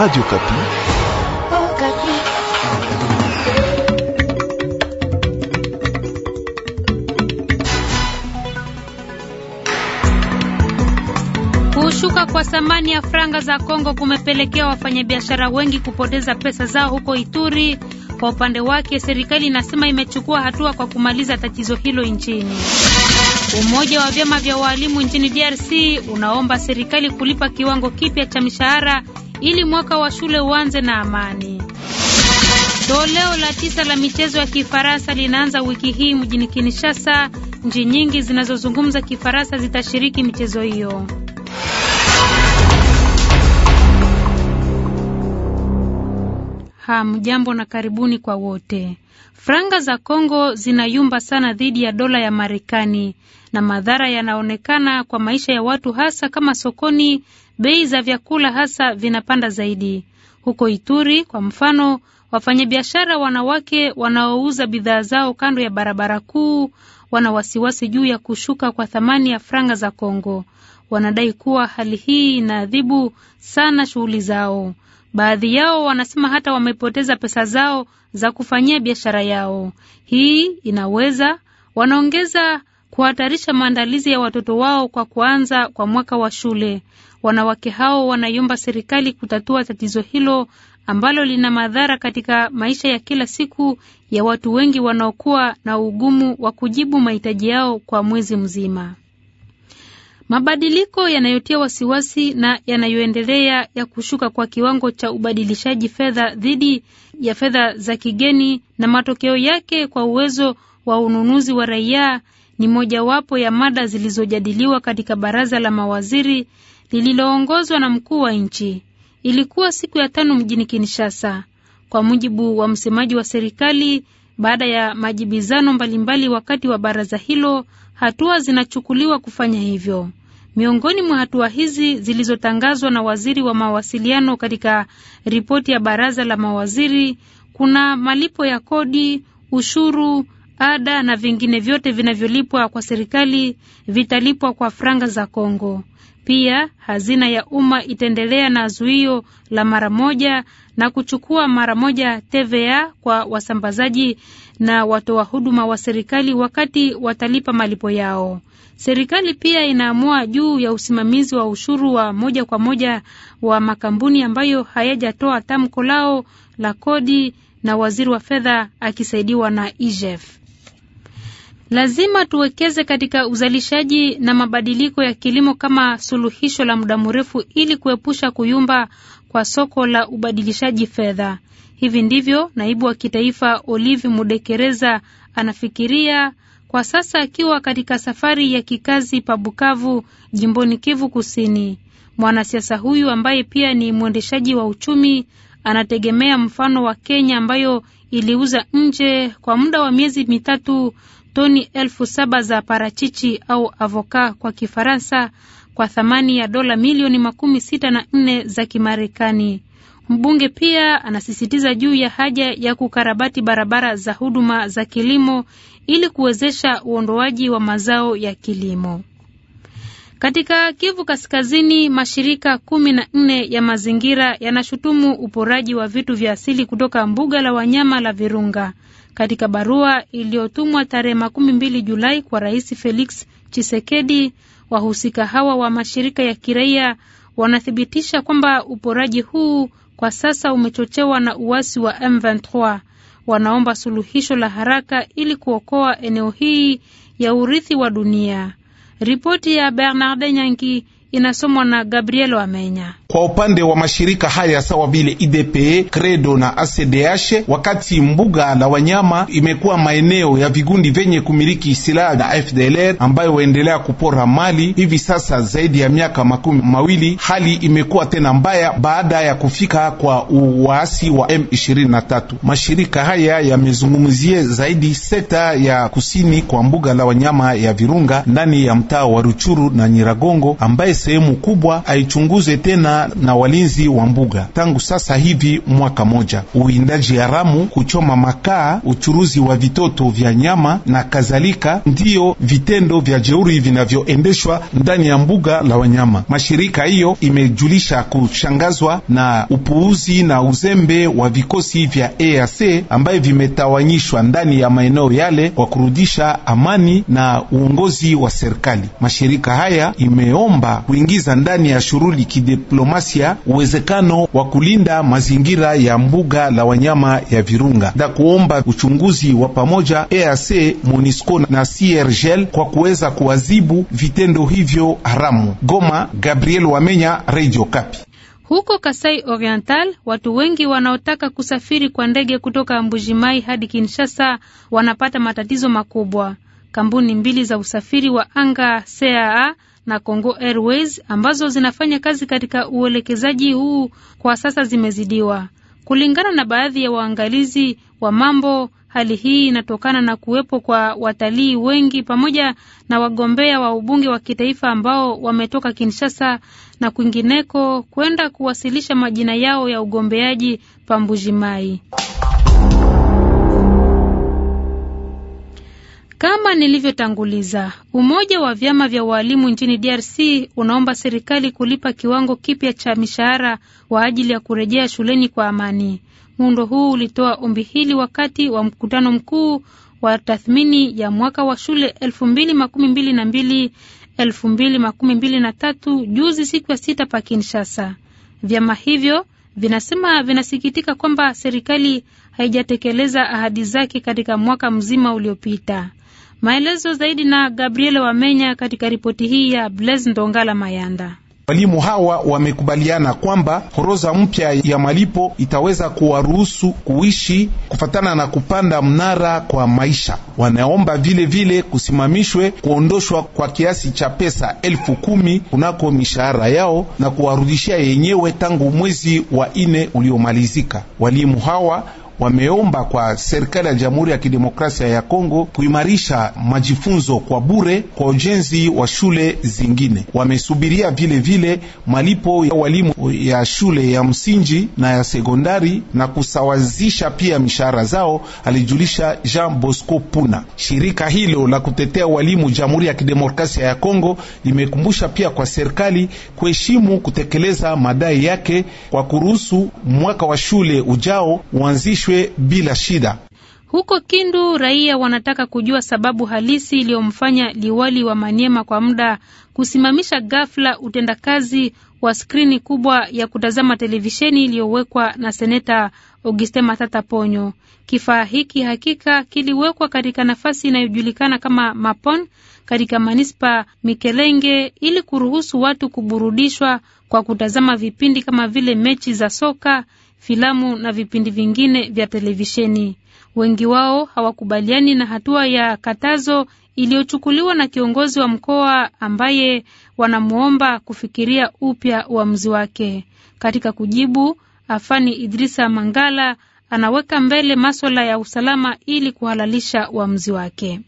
Radio Kapi. Oh, Kapi. Kushuka kwa thamani ya franga za Kongo kumepelekea wafanyabiashara wengi kupoteza pesa zao huko Ituri. Kwa upande wake, serikali inasema imechukua hatua kwa kumaliza tatizo hilo nchini. Umoja wa vyama vya waalimu nchini DRC unaomba serikali kulipa kiwango kipya cha mishahara ili mwaka wa shule uanze na amani. Toleo la tisa la michezo ya Kifaransa linaanza wiki hii mjini Kinshasa. Nchi nyingi zinazozungumza Kifaransa zitashiriki michezo hiyo. Hamjambo na karibuni kwa wote. Franga za Kongo zinayumba sana dhidi ya dola ya Marekani na madhara yanaonekana kwa maisha ya watu, hasa kama sokoni, bei za vyakula hasa vinapanda zaidi. Huko Ituri kwa mfano, wafanyabiashara wanawake wanaouza bidhaa zao kando ya barabara kuu wana wasiwasi juu ya kushuka kwa thamani ya franga za Kongo. Wanadai kuwa hali hii inaadhibu sana shughuli zao. Baadhi yao wanasema hata wamepoteza pesa zao za kufanyia biashara yao. Hii inaweza wanaongeza kuhatarisha maandalizi ya watoto wao kwa kuanza kwa mwaka wa shule. Wanawake hao wanaiomba serikali kutatua tatizo hilo ambalo lina madhara katika maisha ya kila siku ya watu wengi wanaokuwa na ugumu wa kujibu mahitaji yao kwa mwezi mzima. Mabadiliko yanayotia wasiwasi na yanayoendelea ya kushuka kwa kiwango cha ubadilishaji fedha dhidi ya fedha za kigeni na matokeo yake kwa uwezo wa ununuzi wa raia ni mojawapo ya mada zilizojadiliwa katika baraza la mawaziri lililoongozwa na mkuu wa nchi. Ilikuwa siku ya tano mjini Kinshasa. Kwa mujibu wa msemaji wa serikali, baada ya majibizano mbalimbali wakati wa baraza hilo, hatua zinachukuliwa kufanya hivyo. Miongoni mwa hatua hizi zilizotangazwa na waziri wa mawasiliano katika ripoti ya baraza la mawaziri kuna malipo ya kodi, ushuru, ada na vingine vyote vinavyolipwa kwa serikali vitalipwa kwa franga za Kongo. Pia hazina ya umma itaendelea na zuio la mara moja na kuchukua mara moja TVA kwa wasambazaji na watoa huduma wa serikali wakati watalipa malipo yao. Serikali pia inaamua juu ya usimamizi wa ushuru wa moja kwa moja wa makampuni ambayo hayajatoa tamko lao la kodi na waziri wa fedha akisaidiwa na IGF. E Lazima tuwekeze katika uzalishaji na mabadiliko ya kilimo kama suluhisho la muda mrefu ili kuepusha kuyumba kwa soko la ubadilishaji fedha. Hivi ndivyo naibu wa kitaifa Olive Mudekereza anafikiria kwa sasa akiwa katika safari ya kikazi pa Bukavu, jimboni Kivu Kusini. Mwanasiasa huyu ambaye pia ni mwendeshaji wa uchumi anategemea mfano wa Kenya ambayo iliuza nje kwa muda wa miezi mitatu toni elfu saba za parachichi au avoka kwa Kifaransa kwa thamani ya dola milioni makumi sita na nne za Kimarekani. Mbunge pia anasisitiza juu ya haja ya kukarabati barabara za huduma za kilimo ili kuwezesha uondoaji wa mazao ya kilimo. Katika Kivu Kaskazini, mashirika kumi na nne ya mazingira yanashutumu uporaji wa vitu vya asili kutoka mbuga la wanyama la Virunga. Katika barua iliyotumwa tarehe makumi mbili Julai kwa Rais Felix Chisekedi, wahusika hawa wa mashirika ya kiraia wanathibitisha kwamba uporaji huu kwa sasa umechochewa na uasi wa M23. Wanaomba suluhisho la haraka ili kuokoa eneo hii ya urithi wa dunia. Ripoti ya Bernard Nyangi inasomwa na Gabriel Wamenya. Kwa upande wa mashirika haya sawa vile IDPE, Credo na ACDH, wakati mbuga la wanyama imekuwa maeneo ya vigundi vyenye kumiliki silaha na FDLR ambayo waendelea kupora mali hivi sasa zaidi ya miaka makumi mawili, hali imekuwa tena mbaya baada ya kufika kwa uwasi wa M23. Mashirika haya yamezungumzie zaidi sekta ya kusini kwa mbuga la wanyama ya Virunga ndani ya mtaa wa Ruchuru na Nyiragongo ambaye sehemu kubwa aichunguze tena na walinzi wa mbuga tangu sasa hivi mwaka moja. Uwindaji haramu, kuchoma makaa, uchuruzi wa vitoto vya nyama na kadhalika, ndiyo vitendo vya jeuri vinavyoendeshwa ndani ya mbuga la wanyama. Mashirika hiyo imejulisha kushangazwa na upuuzi na uzembe wa vikosi vya EAC ambaye vimetawanyishwa ndani ya maeneo yale kwa kurudisha amani na uongozi wa serikali. Mashirika haya imeomba kuingiza ndani ya shughuli kidiplomasia uwezekano wa kulinda mazingira ya mbuga la wanyama ya Virunga na kuomba uchunguzi wa pamoja EAC, MONUSCO na CIRGL kwa kuweza kuwazibu vitendo hivyo haramu. Goma, Gabriel Wamenya, Radio Kapi. Huko Kasai Oriental watu wengi wanaotaka kusafiri kwa ndege kutoka Mbujimai hadi Kinshasa wanapata matatizo makubwa. Kampuni mbili za usafiri wa anga CAA na Congo Airways ambazo zinafanya kazi katika uelekezaji huu kwa sasa zimezidiwa. Kulingana na baadhi ya waangalizi wa mambo, hali hii inatokana na kuwepo kwa watalii wengi pamoja na wagombea wa ubunge wa kitaifa ambao wametoka Kinshasa na kwingineko kwenda kuwasilisha majina yao ya ugombeaji pa Kama nilivyotanguliza, umoja wa vyama vya walimu nchini DRC unaomba serikali kulipa kiwango kipya cha mishahara kwa ajili ya kurejea shuleni kwa amani. Muundo huu ulitoa ombi hili wakati wa mkutano mkuu wa tathmini ya mwaka wa shule 2012 juzi siku ya sita pa Kinshasa. Vyama hivyo vinasema vinasikitika kwamba serikali haijatekeleza ahadi zake katika mwaka mzima uliopita. Maelezo zaidi na Gabriele Wamenya katika ripoti hii ya Blaise Ndongala Mayanda. Walimu hawa wamekubaliana kwamba horoza mpya ya malipo itaweza kuwaruhusu kuishi kufatana na kupanda mnara kwa maisha. Wanaomba vile vile kusimamishwe kuondoshwa kwa kiasi cha pesa elfu kumi kunako mishahara yao na kuwarudishia yenyewe tangu mwezi wa ine uliomalizika. Walimu hawa wameomba kwa serikali ya Jamhuri ya Kidemokrasia ya Kongo kuimarisha majifunzo kwa bure kwa ujenzi wa shule zingine. Wamesubiria vile vile malipo ya walimu ya shule ya msingi na ya sekondari na kusawazisha pia mishahara zao, alijulisha Jean Bosco Puna. Shirika hilo la kutetea walimu Jamhuri ya Kidemokrasia ya Kongo limekumbusha pia kwa serikali kuheshimu kutekeleza madai yake kwa kuruhusu mwaka wa shule ujao uanzishwe iendeshwe bila shida. Huko Kindu raia wanataka kujua sababu halisi iliyomfanya liwali wa Maniema kwa muda kusimamisha ghafla utendakazi wa skrini kubwa ya kutazama televisheni iliyowekwa na seneta Auguste Matata Ponyo. Kifaa hiki hakika kiliwekwa katika nafasi inayojulikana kama Mapon katika manispa Mikelenge ili kuruhusu watu kuburudishwa kwa kutazama vipindi kama vile mechi za soka, filamu na vipindi vingine vya televisheni. Wengi wao hawakubaliani na hatua ya katazo iliyochukuliwa na kiongozi wa mkoa ambaye wanamwomba kufikiria upya uamuzi wake. Katika kujibu, Afani Idrisa Mangala anaweka mbele maswala ya usalama ili kuhalalisha uamuzi wake.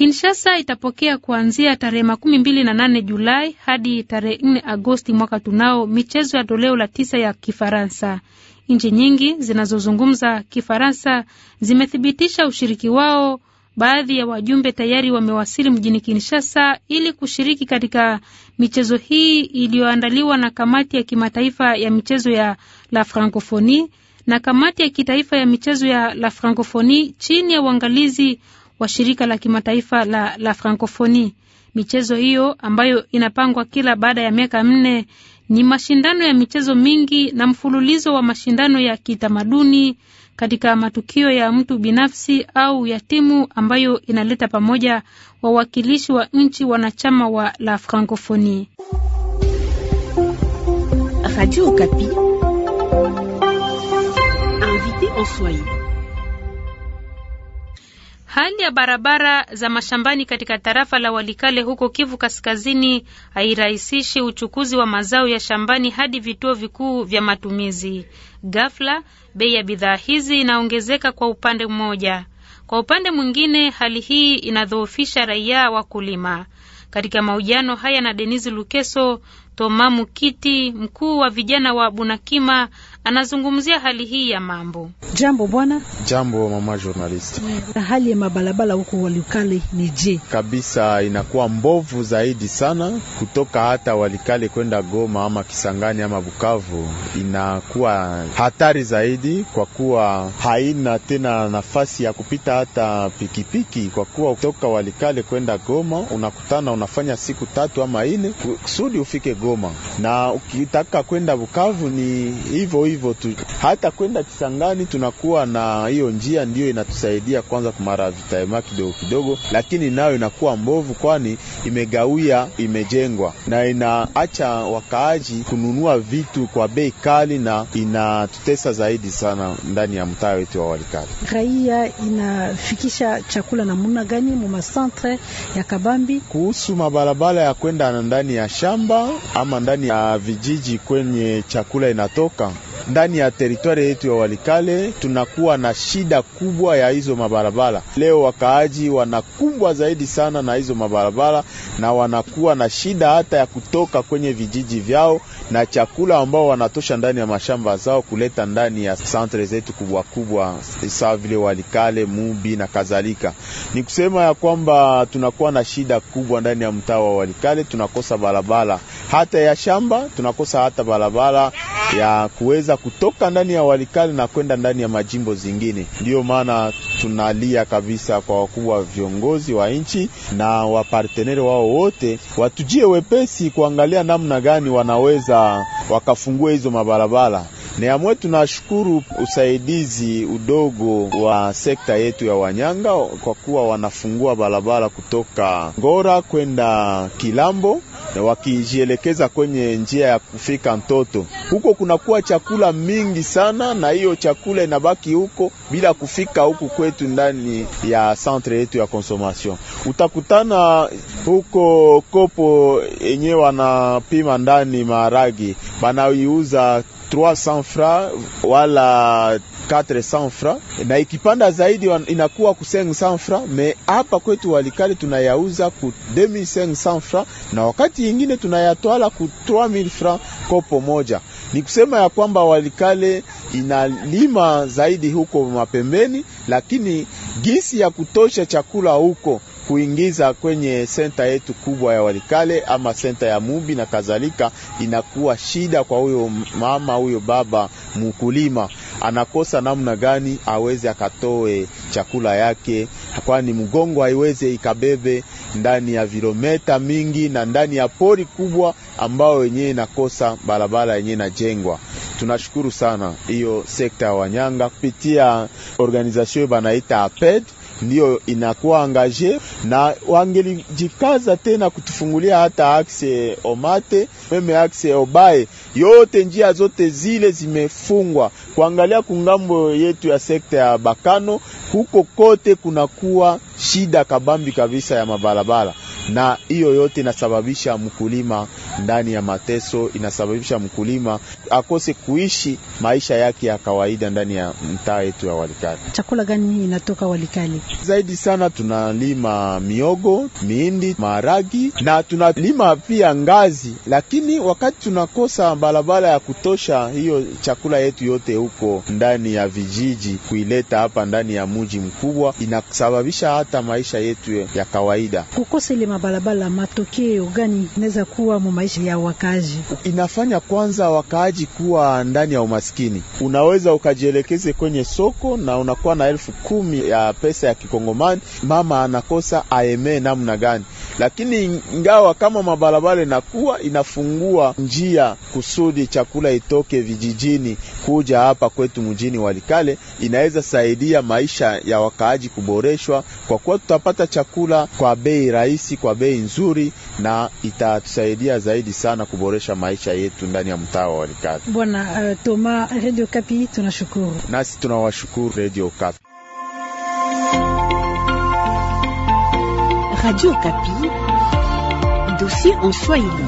Kinshasa itapokea kuanzia tarehe makumi mbili na nane Julai hadi tarehe nne Agosti mwaka tunao michezo ya toleo la tisa ya Kifaransa. Nchi nyingi zinazozungumza Kifaransa zimethibitisha ushiriki wao. Baadhi ya wajumbe tayari wamewasili mjini Kinshasa ili kushiriki katika michezo hii iliyoandaliwa na kamati ya kimataifa ya michezo ya La Francophonie na kamati ya kitaifa ya michezo ya La Francophonie chini ya uangalizi wa shirika la kimataifa la la Francophonie. Michezo hiyo ambayo inapangwa kila baada ya miaka nne ni mashindano ya michezo mingi na mfululizo wa mashindano ya kitamaduni katika matukio ya mtu binafsi au ya timu ambayo inaleta pamoja wawakilishi wa nchi wanachama wa la Francophonie. Radio Okapi. Invité en Hali ya barabara za mashambani katika tarafa la Walikale huko Kivu Kaskazini hairahisishi uchukuzi wa mazao ya shambani hadi vituo vikuu vya matumizi. Ghafla bei ya bidhaa hizi inaongezeka kwa upande mmoja. Kwa upande mwingine, hali hii inadhoofisha raia wakulima. Katika mahojiano haya na Denise Lukeso, Toma Mukiti, mkuu wa vijana wa Bunakima, anazungumzia hali hii ya mambo. Jambo bwana. Jambo mama journalist. Na hali ya mabalabala huko Walikale ni je? Kabisa inakuwa mbovu zaidi sana, kutoka hata Walikale kwenda Goma ama Kisangani ama Bukavu inakuwa hatari zaidi, kwa kuwa haina tena nafasi ya kupita hata pikipiki, kwa kuwa kutoka Walikale kwenda Goma unakutana unafanya siku tatu ama ine kusudi ufike Goma. Goma, na ukitaka kwenda Bukavu ni hivyo hivyo tu, hata kwenda Kisangani tunakuwa na hiyo njia, ndiyo inatusaidia kwanza kumara vitaema kidogo kidogo, lakini nayo inakuwa mbovu, kwani imegawia, imejengwa na inaacha wakaaji kununua vitu kwa bei kali, na inatutesa zaidi sana ndani ya mtaa wetu wa Walikale. Raia inafikisha chakula namuna gani mu ya Kabambi? Kuhusu mabarabara ya kwenda ndani ya shamba ama ndani ya vijiji kwenye chakula inatoka ndani ya teritwari yetu ya Walikale tunakuwa na shida kubwa ya hizo mabarabara. Leo wakaaji wanakumbwa zaidi sana na hizo mabarabara, na wanakuwa na shida hata ya kutoka kwenye vijiji vyao na chakula ambao wanatosha ndani ya mashamba zao kuleta ndani ya santre zetu kubwa kubwa sawa vile Walikale, Mubi na kadhalika. Ni kusema ya kwamba tunakuwa na shida kubwa ndani ya mtaa wa Walikale, tunakosa barabara hata ya shamba, tunakosa hata barabara ya kuweza kutoka ndani ya Walikale na kwenda ndani ya majimbo zingine. Ndiyo maana tunalia kabisa kwa wakubwa viongozi wa nchi na waparteneri wao wote, watujie wepesi kuangalia namna gani wanaweza wakafungua hizo mabarabara. Neamwe tunashukuru usaidizi udogo wa sekta yetu ya Wanyanga kwa kuwa wanafungua barabara kutoka Ngora kwenda Kilambo wakijielekeza kwenye njia ya kufika Ntoto. Huko kunakuwa chakula mingi sana, na hiyo chakula inabaki huko bila kufika huku kwetu ndani ya centre yetu ya consommation. Utakutana huko kopo yenyewe wanapima ndani maharagi, banaiuza 300 francs wala 400 francs, na ikipanda zaidi inakuwa ku 500 francs. Me hapa kwetu Walikale tunayauza ku 2500 francs, na wakati ingine tunayatwala ku 3000 francs kopo moja. Ni kusema ya kwamba Walikale inalima zaidi huko mapembeni, lakini gisi ya kutosha chakula huko kuingiza kwenye senta yetu kubwa ya Walikale ama senta ya Mubi na kadhalika, inakuwa shida kwa huyo mama huyo baba mkulima, anakosa namna gani aweze akatoe chakula yake, kwani mgongo haiweze ikabebe ndani ya vilometa mingi na ndani ya pori kubwa ambayo yenyewe inakosa barabara yenyewe inajengwa. Tunashukuru sana hiyo sekta ya Wanyanga kupitia organization banaita APED ndiyo inakuwa angaje, na wangelijikaza tena kutufungulia hata axe Omate meme axe Obaye, yote njia zote zile zimefungwa. Kuangalia kungambo yetu ya sekta ya Bakano, huko kote kunakuwa shida kabambi kabisa ya mabarabara, na hiyo yote inasababisha mkulima ndani ya mateso, inasababisha mkulima akose kuishi maisha yake ya kawaida ndani ya mtaa yetu ya Walikale. Chakula gani inatoka Walikale? Zaidi sana tunalima miogo, mihindi, maharagi na tunalima pia ngazi, lakini wakati tunakosa barabara ya kutosha, hiyo chakula yetu yote huko ndani ya vijiji kuileta hapa ndani ya mji mkubwa inasababisha hata maisha yetu ya kawaida kukosa ile mabarabara. Matokeo gani inaweza kuwa mu maisha maisha ya wakaaji. Inafanya kwanza wakaaji kuwa ndani ya umaskini. Unaweza ukajielekeze kwenye soko na unakuwa na elfu kumi ya pesa ya kikongomani, mama anakosa aemee namna gani? lakini ingawa kama mabarabara inakuwa inafungua njia kusudi chakula itoke vijijini kuja hapa kwetu mjini Walikale, inaweza saidia maisha ya wakaaji kuboreshwa, kwa kuwa tutapata chakula kwa bei rahisi, kwa bei nzuri, na itatusaidia zaidi sana kuboresha maisha yetu ndani ya mtaa wa Walikale. Bwana uh, Toma, Radio Kapi tunashukuru. Nasi tunawashukuru Radio Kapi. Radio Kapi, dossier en Swahili.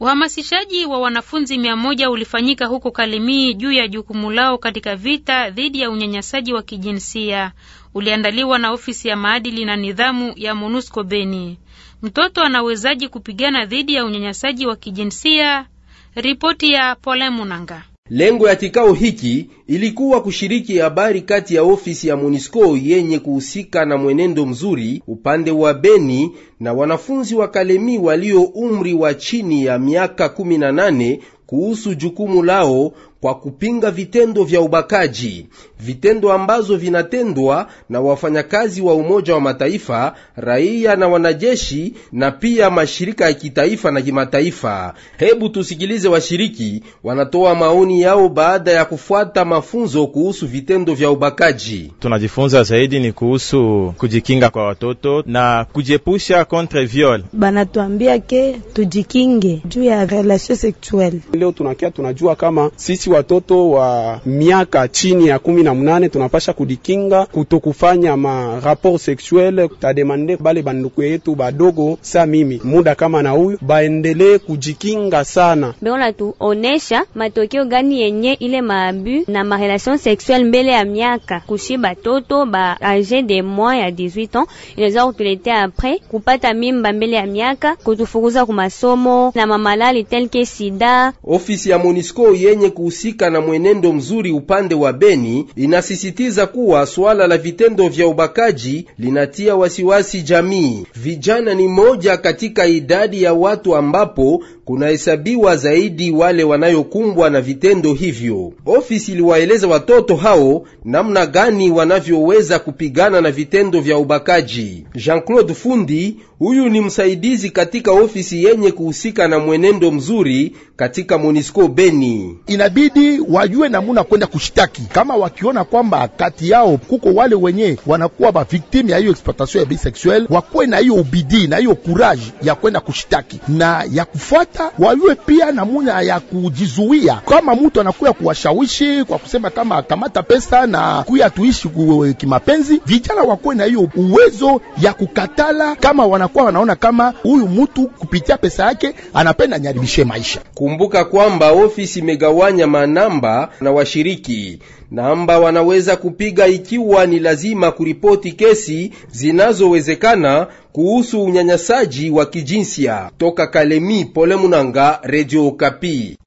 Uhamasishaji wa wanafunzi mia moja ulifanyika huko Kalemie juu ya jukumu lao katika vita dhidi ya unyanyasaji wa kijinsia. Uliandaliwa na ofisi ya maadili na nidhamu ya MONUSCO Beni. Mtoto anawezaji kupigana dhidi ya unyanyasaji wa kijinsia? Ripoti ya Pole Munanga. Lengo ya kikao hiki ilikuwa kushiriki habari kati ya ofisi ya MONUSCO yenye kuhusika na mwenendo mzuri upande wa Beni na wanafunzi wa Kalemi walio umri wa chini ya miaka 18 kuhusu jukumu lao kwa kupinga vitendo vya ubakaji, vitendo ambazo vinatendwa na wafanyakazi wa Umoja wa Mataifa, raia na wanajeshi, na pia mashirika ya kitaifa na kimataifa. Hebu tusikilize washiriki wanatoa maoni yao baada ya kufuata mafunzo kuhusu vitendo vya ubakaji. Tunajifunza zaidi ni kuhusu kujikinga kwa watoto na kujiepusha contre viol. Banatuambia ke tujikinge juu ya relation sexuelle. Leo tunakia tunajua kama sisi sisi watoto wa miaka chini ya kumi na munane tunapasha kudikinga kutokufanya ma rapport sexuel. Tademande bale banduku yetu badogo sa mimi muda kama na huyu baendelee kujikinga sana, beona tuonesha matokeo gani yenye ile maabu na marelation sexuelle mbele ya miaka kushi batoto ba age de mois ya 18 ans inaweza kutuletea apres kupata mimba mbele ya miaka, kutufukuza kumasomo na mamalali telke sida. Ofisi ya Monisco yenye kuhusu linalohusika na mwenendo mzuri upande wa Beni inasisitiza kuwa suala la vitendo vya ubakaji linatia wasiwasi jamii. Vijana ni moja katika idadi ya watu ambapo kunahesabiwa zaidi wale wanayokumbwa na vitendo hivyo. Ofisi iliwaeleza watoto hao namna gani wanavyoweza kupigana na vitendo vya ubakaji. Jean-Claude Fundi, huyu ni msaidizi katika ofisi yenye kuhusika na mwenendo mzuri katika Monisco Beni. Inabi inabidi wajue namuna kwenda kushtaki, kama wakiona kwamba kati yao kuko wale wenye wanakuwa baviktimu ya hiyo exploitation ya bisexuel, wakuwe na hiyo ubidi na hiyo courage ya kwenda kushtaki na ya kufuata, wajue pia namuna ya kujizuia, kama mtu anakuya kuwashawishi kwa kusema kama kamata pesa na kuya tuishi kimapenzi, vijana wakuwe na hiyo uwezo ya kukatala, kama wanakuwa wanaona kama huyu mtu kupitia pesa yake anapenda nyaribishe maisha. Kumbuka kwamba ofisi imegawanya manamba na washiriki namba wanaweza kupiga ikiwa ni lazima kuripoti kesi zinazowezekana kuhusu unyanyasaji wa kijinsia. Toka Kalemi, Pole Munanga, redio Kapi.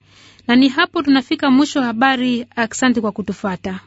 Na ni hapo tunafika mwisho wa habari. Asante kwa kutufata